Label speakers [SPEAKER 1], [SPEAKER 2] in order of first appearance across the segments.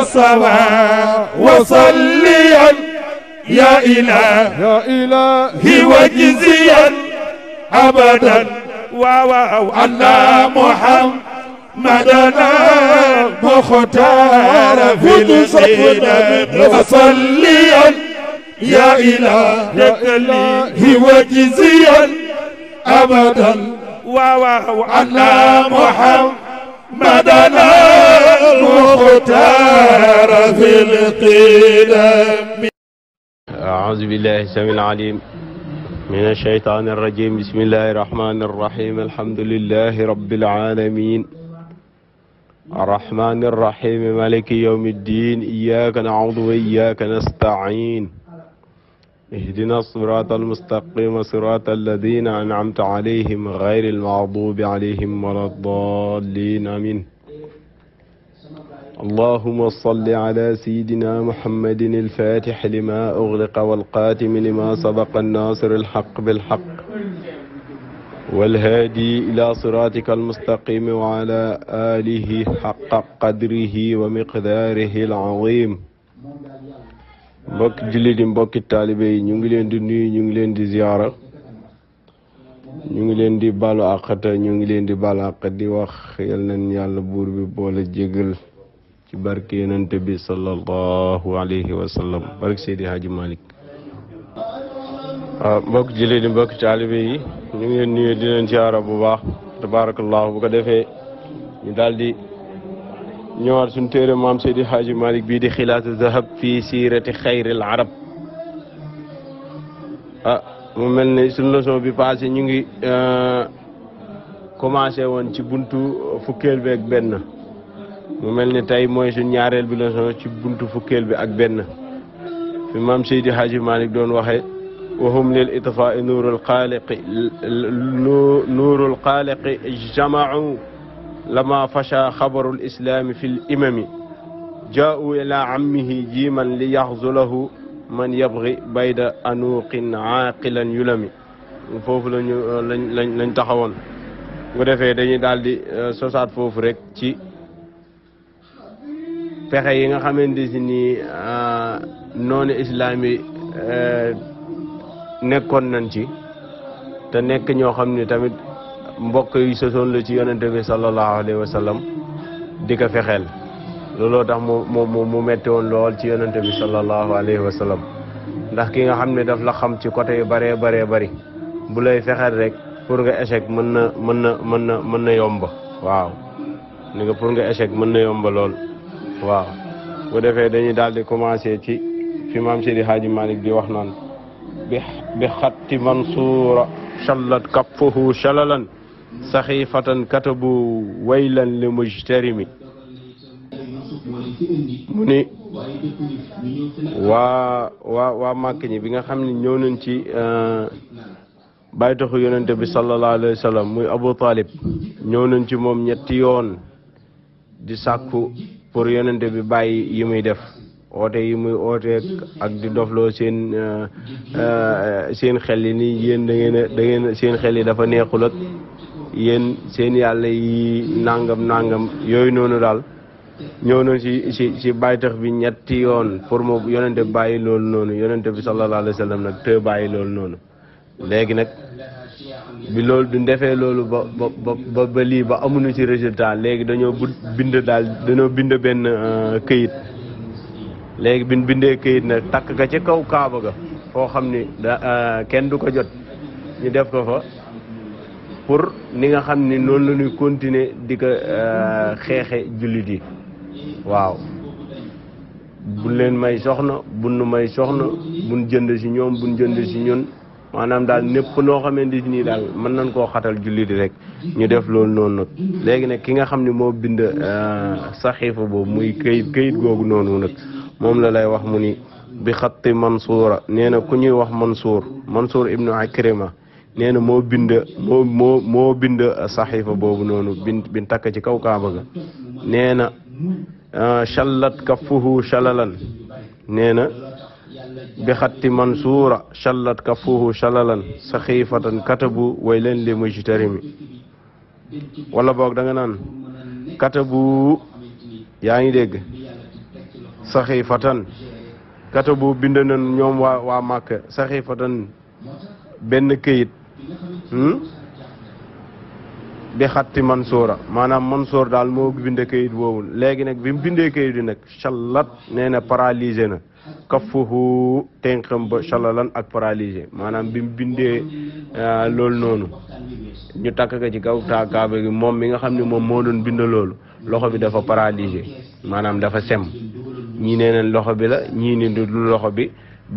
[SPEAKER 1] الصلاة وصليا يا إله يا إله وجزيا أبدا واو أن محمدنا مختار في الدين وصليا يا إلهي وجزيا أبدا واو أن مدنا في القيل
[SPEAKER 2] أعوذ بالله السميع العليم من الشيطان الرجيم بسم الله الرحمن الرحيم الحمد لله رب العالمين الرحمن الرحيم مالك يوم الدين إياك نعوذ وإياك نستعين اهدنا الصراط المستقيم صراط الذين أنعمت عليهم غير المغضوب عليهم ولا الضالين آمين اللهم صل على سيدنا محمد الفاتح لما أغلق والقاتم لما سبق الناصر الحق بالحق والهادي إلى صراطك المستقيم وعلى آله حق قدره ومقداره العظيم بك جلد بك التالبين نيونغلين دي نيو دي زيارة نيونغلين دي بالو أخطة دي بالو أخطة نيال بوربي بول جيغل ci barke yonent bi sallallahu alayhi wa sallam barke Seydi Hadji Malick waaw ah, mbokk jëlee di ñu ngi leen nuyu di leen ziara bu baax tabarakallahu bu ko defee ñu daal di ñëwaat suñu téere maam Seydi Hadji malik bii di xilaatu zahab fii siirati xayril arab ah mu mel ni suñu leçon bi passé ñu ngi euh, commencé woon ci buntu fukkeel beeg benn mu melni tay moy sun ñaarel bi la solo ci buntu fukel bi ak ben fi mam sayyidi haji malik don waxe وهم للإطفاء نور القالق نور القالق اجتمعوا لما فشى خبر الإسلام في الإمم جاءوا إلى عمه جيما ليغزله من يبغي بيد أنوق عاقلا يلم فوف لن تخون ودفع دالي سوسات فوف رك تي pexe yi nga xamante si nii ah, noonu islaam yi eh, nekkoon nañ ci te nekk ñoo xam ne tamit mbokk yu sosoon la ci yonente bi sallallahu alayhi wa sallam di ko fexeel looloo tax mu mu mu metti woon lool ci yonente bi sallallahu alayhi wa ndax ki nga xam ne daf la xam ci côté yu bëree bëree bari bu lay fexeel rek pour nga échec mën na mën na mën na mën na yomba waaw ni nga pour nga échec mën na yomba lool waaw bu defee dañuy daal di commencé ci fi maam Seydi Hadji Malick di wax naan bi bi xatti mansuura shallat kapfahu shalalan saxiifatan katabu waylan li mujtarimi mu ni waa waa waa ñi bi nga xam ne ñëw nañ ci euh, bàyyi taxu yonente bi sallallahu alayhi wa muy Abu Talib ñëw nañ ci moom ñetti yoon di sàkku pour yonente bi bàyyi yi muy def oote yi muy oote ak di dofloo seen euh, euh, seen xel yi nii yéen da ngeen seen xel yi dafa neexul ak yéen seen yàlla yi nangam nangam yooyu noonu daal ñëw nañ si si si bi ñetti yoon pour mu yonente bi bàyyi loolu noonu yonente bi sallallahu alayhi wa sallam nag te bàyyi loolu noonu léegi nag bi loolu du defee loolu ba ba ba lii ba amuñu ci résultat léegi dañoo bind daal dañoo bind benn euh, këyit léegi bin bindee këyit nag takk ka ci kaw kaaba ga foo xam ni da euh, kenn du ko jot ñu def ko fa pour ni nga xam ni noonu la ñuy continuer di ko euh, xeexe jullit yi waaw buñ leen may soxna buñ nu may soxna buñ jënd si ñoom buñ jënd si ñun maanaam daal népp noo xamante nii daal mën nañ koo xatal di rek ñu def loolu noonu nag léegi nag ki nga xam ne moo bind euh, saxiifa boobu muy këyit këyit googu noonu nag moom la lay wax mu ni bi xatti mansuura nee na ku ñuy wax mansuur mansuur ibnu akrima nee na moo bind moo moo bind euh, saxiifa boobu noonu bin bin takk ci kaw kaaba ga nee na challat euh, kaffuhu chalalan nee na bi xatti mansuura callat kafuhu calalan saxiifatan katabu way leen li mujtarimi wala boog da nga naan katabu yaa ngi dégg saxiifatan katabu binde nan ñoom waa waa màkk saxiifatan benn këyit hmm? bi xatti Mansoora maanaam Mansoor daal moo bindee kayit woowu léegi nag bi mu bindee kayit yi nag callat nee na paralysé na kafuhu tenqam ba callalan ak paralysé maanaam bi mu bindee euh, loolu noonu ñu takk ci kaw kaaba gi moom mi nga xam ne moom moo doon bind loolu loxo bi dafa paralysé maanaam dafa sem ñii loxo bi la ñii loxo bi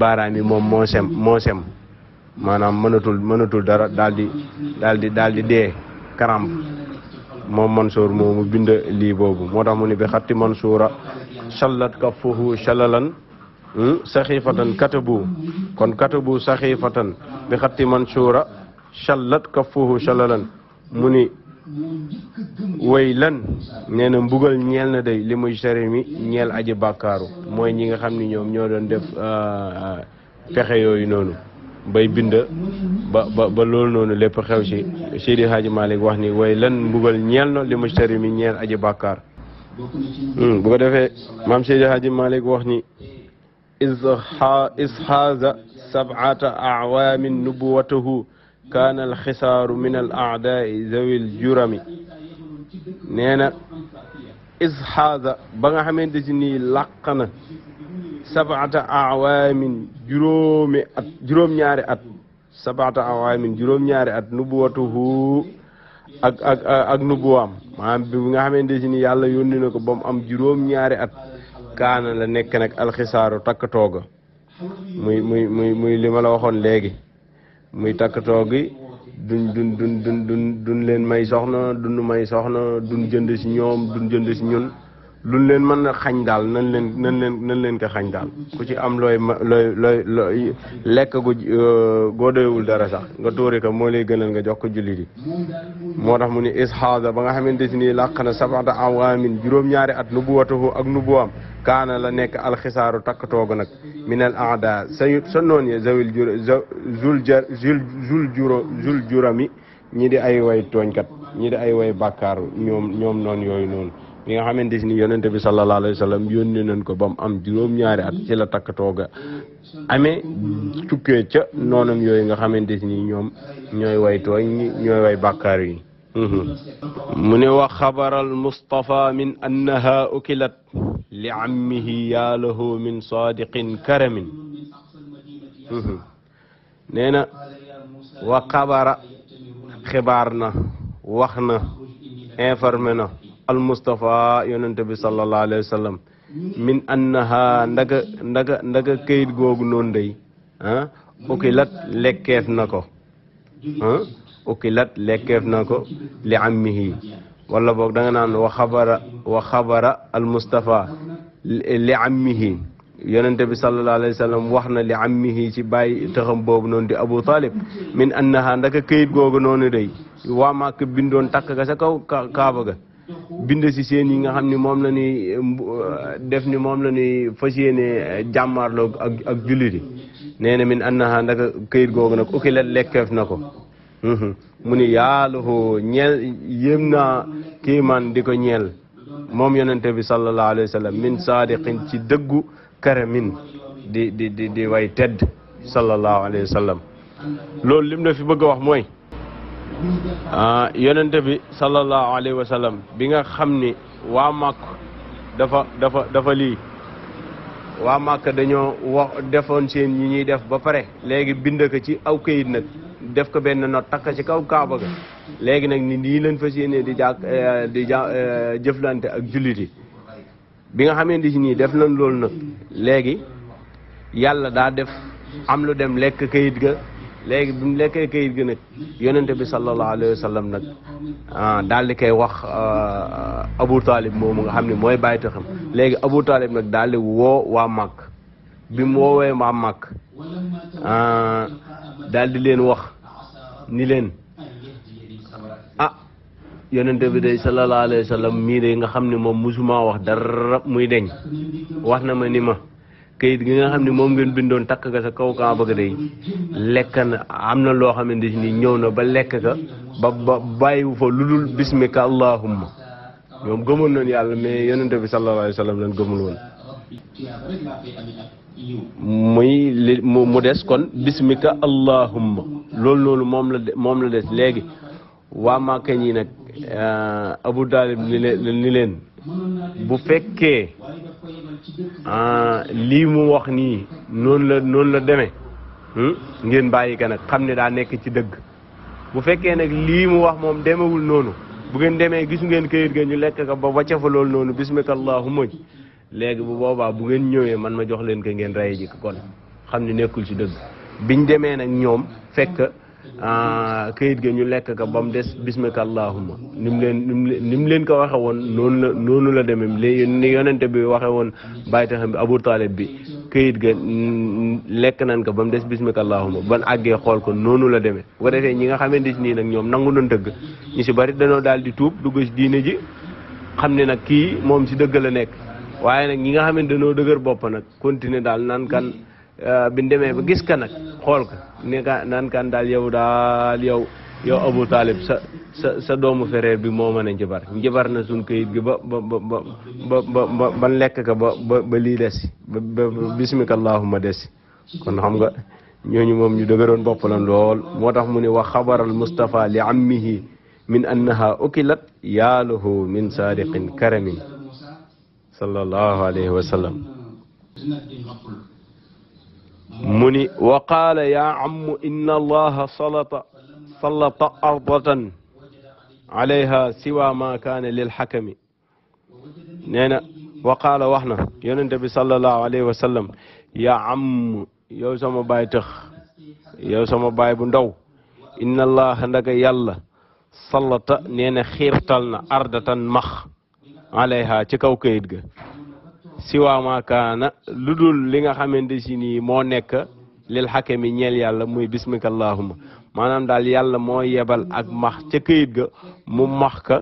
[SPEAKER 2] baaraam yi moom moo sem moo sem maanaam mënatul mënatul dara daal di daal di daal di dee karamb moom Mansour moomu bind lii boobu moo tax mu ni bi xatti Mansoura sallat kaffahu shalalan hmm, saxiifatan katabu kon katabu saxiifatan bi xatti Mansoura sallat kaffahu shalalan mu ni way lan nee na mbugal ñeel na day li muy sari mi ñeel aji bàkkaaru mooy ñi nga xam ni ñoom ñoo doon def ah, ah, pexe yooyu noonu bay bind ba ba ba loolu noonu lépp xew ci Seydi Hadji Malick wax ni way lan mbugal ñeel na li mustari mi ñeel aji bàkkaar hmm, bu ko defee maam Seydi Hadji Malick wax ni isxaaza sabata awaamin nubuwatahu min al aadaai zawil jurami nee na isxaaza ba nga xamante sabata awaamin juróomi at juróom-ñaari at sabata awaamin juróom-ñaari at nubuwatuhu ak ak ak nubuwaam maanaam nga xamante si ni yàlla yónni na ko ba mu am juróom-ñaari at kaana la nekk nag alxisaaru takk tooga muy muy muy muy li ma waxoon léegi muy takk toogi duñ duñ leen may soxna duñ may soxna duñ jënd si ñoom duñ jënd si ñun luñ leen mën a xañ daal nan leen nan leen nan leen ko xañ daal ku ci am looy looy looy looy lekk gu goo euh, doyewul dara sax nga tóore ko moo lay gënal nga jox ko jullit yi moo tax mu ne ishaada ba nga xamante si nii làq na sabata awaamin juróom-ñaari at nubuwatahu ak nubuwaam kaana la nekk alxisaaru takk toogu nag min al aada sa sa noon ye zawil jur zul jar zul zul juró zul jurami ñii di ay way tooñkat ñi di ay way bàkkaar ñoom ñoom noonu yooyu noonu mi nga xamanteni ni yonente bi sallallahu alayhi wasallam yonne nañ ko bam am juróom-ñaari at ci la tak toga amé tukke ca nonam yoy nga xamanteni ni ñoom ñooy way tooñ ñoy way bakkar yi mu ne wax xabaral mustafa min annaha ukilat li ammihi yaalahu min sadiqin karamin nee na wa xabara xibaar na wax almustafa yonente bi sallallahu alayhi wa sallam min annaha ndaga ndaga ndaga këyit googu noonu day ah ukilat lekkeef na ko ah ukilat lekkeef na ko li ammihi wala boog danga nga naan wa xabara al xabara almustafa li ammihi yonente bi sallallahu alayhi wa sallam wax na li ammihi ci bàyyi taxam boobu noonu di abou talib min annaha ndaka këyit googu noonu day waa màkk bindoon takk ga sa kaw kaaba bind si seen yi nga xam ni moom la ñuy def ni moom la ñuy fa yéene eh, jàmmaarloo ak ak jullit yi nee na min annaha ndaka këyit googu nag lekkeef na ko mhm. mu ni yaaluhu ñeel na ki kiiman di ko ñeel moom yonente bi sallallahu alayhi wa min saadiqin ci dëggu karamin di di di di way tedd sallallahu alayhi wa sallam lim la fi bëgg a wax mooy Ah, yonente bi sallallahu alayhi wa sallam bi nga xam ni waa màkk dafa dafa dafa lii waa màkk dañoo wax defoon seen ñi ñuy def ba pare léegi bind ko ci aw kayit nag def ko benn not takk ci kaw kaaba ga léegi nag ni nii leen fas yéene di jàkk eh, di ja eh, jëflante ak jullit yi bi nga xamante ci nii def nañ loolu nag léegi yàlla daa def am lu dem lekk kayit ga léegi bi mu lekkee kayit gi nag yonente bi sallallahu alayhi wa sallam nag ah, daal di koy wax ah, ah, abu talib moomu nga xam ne mooy bàyyita xam léegi abou talib nag daal woo waa màkk bi mu woowee waa màkk daldi leen wax ni leen ah yonente bi day sallallahu alayhi wa sallam mii de nga xam ne moom musuma wax dara muy deñ wax na ma ni ma kayit gi nga xam ne moom ngeen bindoon takk ka sa kaw Kaaba ga day lekk na am na loo xamante ni ñëw na ba lekk ka ba bàyyiwu fa lu dul bismika allahumma ñoom gëmoon nañu yàlla mais yonente bi sallallahu alayhi wa sallam gëmul woon muy des kon bismika allahumma loolu loolu moom la des léegi waa Màkka ñi nag euh, Abu Taalib ni leen bu fekkee Ah, lii mu wax nii noonu la noonu la demee hmm? ngeen bàyyi ko nag xam ne daa nekk ci dëgg bu fekkee nag lii mu wax moom demewul noonu bu ngeen demee gis ngeen këyit ga ñu lekk ko ba wàcce fa loolu noonu bismika allahumma léegi bu boobaa bu ngeen ñëwee man ma jox leen ko ngeen raye ji kon xam ne nekkul ci dëgg biñ demee nag ñoom fekk Ah, këyit ga ñu lekk ka ba mu des bismika allahumma ni leen ni mu leen ko waxe woon noonu la noonu la demee léegi ni yonente bi waxe woon bàyyi taxam bi Abu Talib bi kayit ga lekk nan ko ba mu des bismika allahumma ban àggee xool ko noonu la demee bu ko defee ñi nga xamante nii nag ñoom nangu doon dëgg ñu si bari dañoo daal di tuub dugg si diine ji xam ne nag kii moom si dëgg la nekk waaye nag ñi nga xam ni dañoo dëgër boppa nag continuer daal naan kan ah, bi demee ba gis ka nag xool ko ne ka naan kan daal yow daal yow
[SPEAKER 1] yow Abu Talib
[SPEAKER 2] sa sa sa doomu frère bi moo mën a njabar njabar na suñ këyit gi ba ba ba ba ba ban lekk ka ba ba ba lii des ba ba bismika allahumma des kon xam nga ñooñu moom ñu dëgëroon bopp lan lool moo tax mu ne wa xabaral Mustafa li ammihi min annaha ukilat yaaluhu min saadiqin karamin sallallahu alayhi wa sallam مني وقال يا عم إن الله صلط صلط أرضا عليها سوى ما كان للحكم نينا وقال وحنا ينتبي صلى الله عليه وسلم يا عم يوسم بايتخ يوسم باي بندو إن الله عندك يلا صلط نينا خيرتلنا أرضا مخ عليها تكوكيدك siwa ma lu dul li nga xamante si nii moo nekk lil xakami ñeel yàlla muy bismika allahuma maanaam daal yàlla moo yebal ak max ca këyit ga mu max ka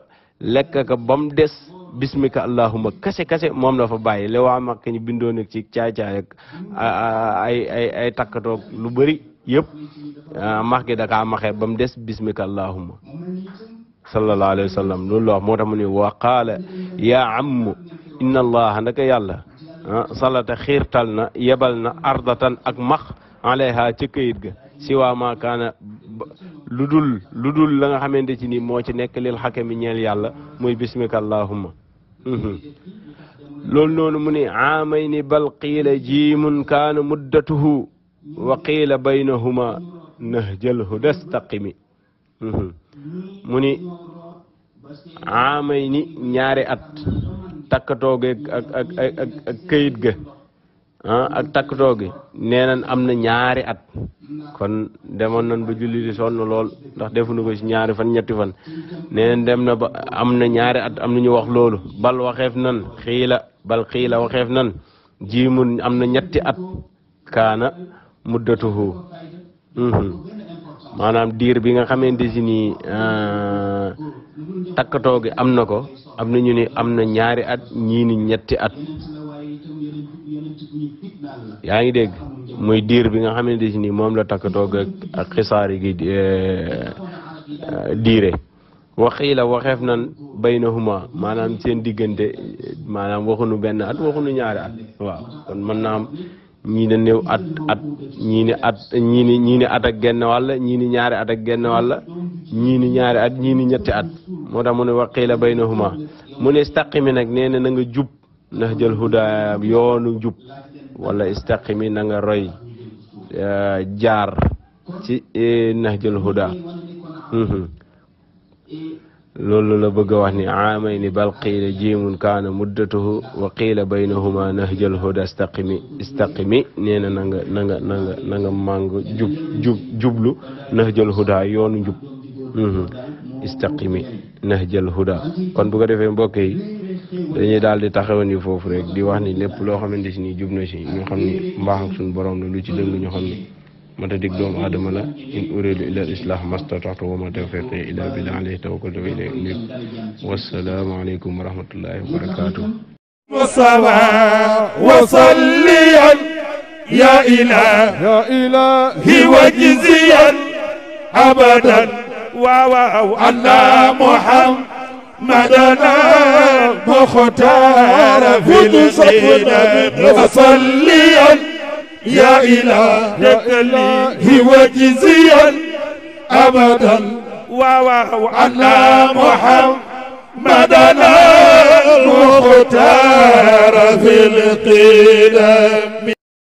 [SPEAKER 2] lekk ka ba des bismika allahuma kase kase moom la fa bàyyi li waa makk ñu bindoon ci caay-caay ay ay lu bëri yëpp ah, max gi da kaa maxee mu des bismika allahuma sallallahu alayhi wa sallam loolu moo tax mu ne wa qaala yaa ammu inna allaha naka yàlla ah, salata xiirtal na yebal na ardatan ak max alayha ci këyit ga siwaa maa kaana lu dul lu dul la nga xamante ci ni moo ci nekk lil xakami ñeel yàlla muy bismika allahumma mhm. loolu noonu mu ni aamay ni bal qiila jiimun kaana muddatuhu wa qiila baynahuma nahjalhu dastaqimi mhm. mu ni aamay ni ñaari at takkatoo gi ak ak ak këyit ga ah, ak takkatoo gi nee nañ am na ñaari at kon demoon nañ ba julli di sonn lool ndax defuñu ko ci ñaari fan ñetti fan nee nañ dem na ba am na ñaari at am na ñu wax loolu bal waxeef nan xiila bal xiila waxeef nan jiimun am na ñetti at kaana muddatuhu mhm. maanaam diir bi nga xamante si nii euh, takkatoo gi am na ko am na ñu ni am na ñaari at ñii ñetti at yaa ngi dégg muy diir bi nga xamante si nii moom la takkatoo gi ak xisaar gi euh, euh, diire waxii la waxeef nan baynahuma maanaam seen diggante maanaam waxunu benn at waxunu ñaari at waaw kon mën ñii ne néew at at ñii ni at ñii ni at ak genn walla ñii ni ñaari at ak genn walla ñii ni ñaari at ñii ñetti at moo tax mu ne waqiila baynahuma mu ne istaqimi nag nee na na nga jub ndax jël huda yoonu jub walla istaqimi nanga roy euh, jaar ci eh, nax jël huda loolu la bëgg a wax ni aamayni bal qiila jiimun kaana muddatuhu wa qiila baynahuma nahjal huda istaqimi istaqimi nee na na nga na nga na nga na nga màng jub jub jublu nahjal huda yoonu njub mhm. istaqimi nahjal huda kon bu ko defee mbokk yi dañuy daal di taxawoon yi foofu rek di wax ni lépp loo xamante si ni jub na si ñu xam ni mbaax borom la lu ci dëng ñu xam ni matadik doomu aadama la in uridu ila al islah mastataxtu wa ma tawfiqi ila billah alayhi tawakkaltu wa ilayhi unib wassalaamu aleykum wa rahmatullahi wa barakatuh
[SPEAKER 1] وصليا
[SPEAKER 2] يا إله يا إله وجزيا
[SPEAKER 1] أبدا واو أن محمدنا مختار في الجنة وصليا يا إله لي وجزيا أبدا واو محمد محمدنا المختار في القدم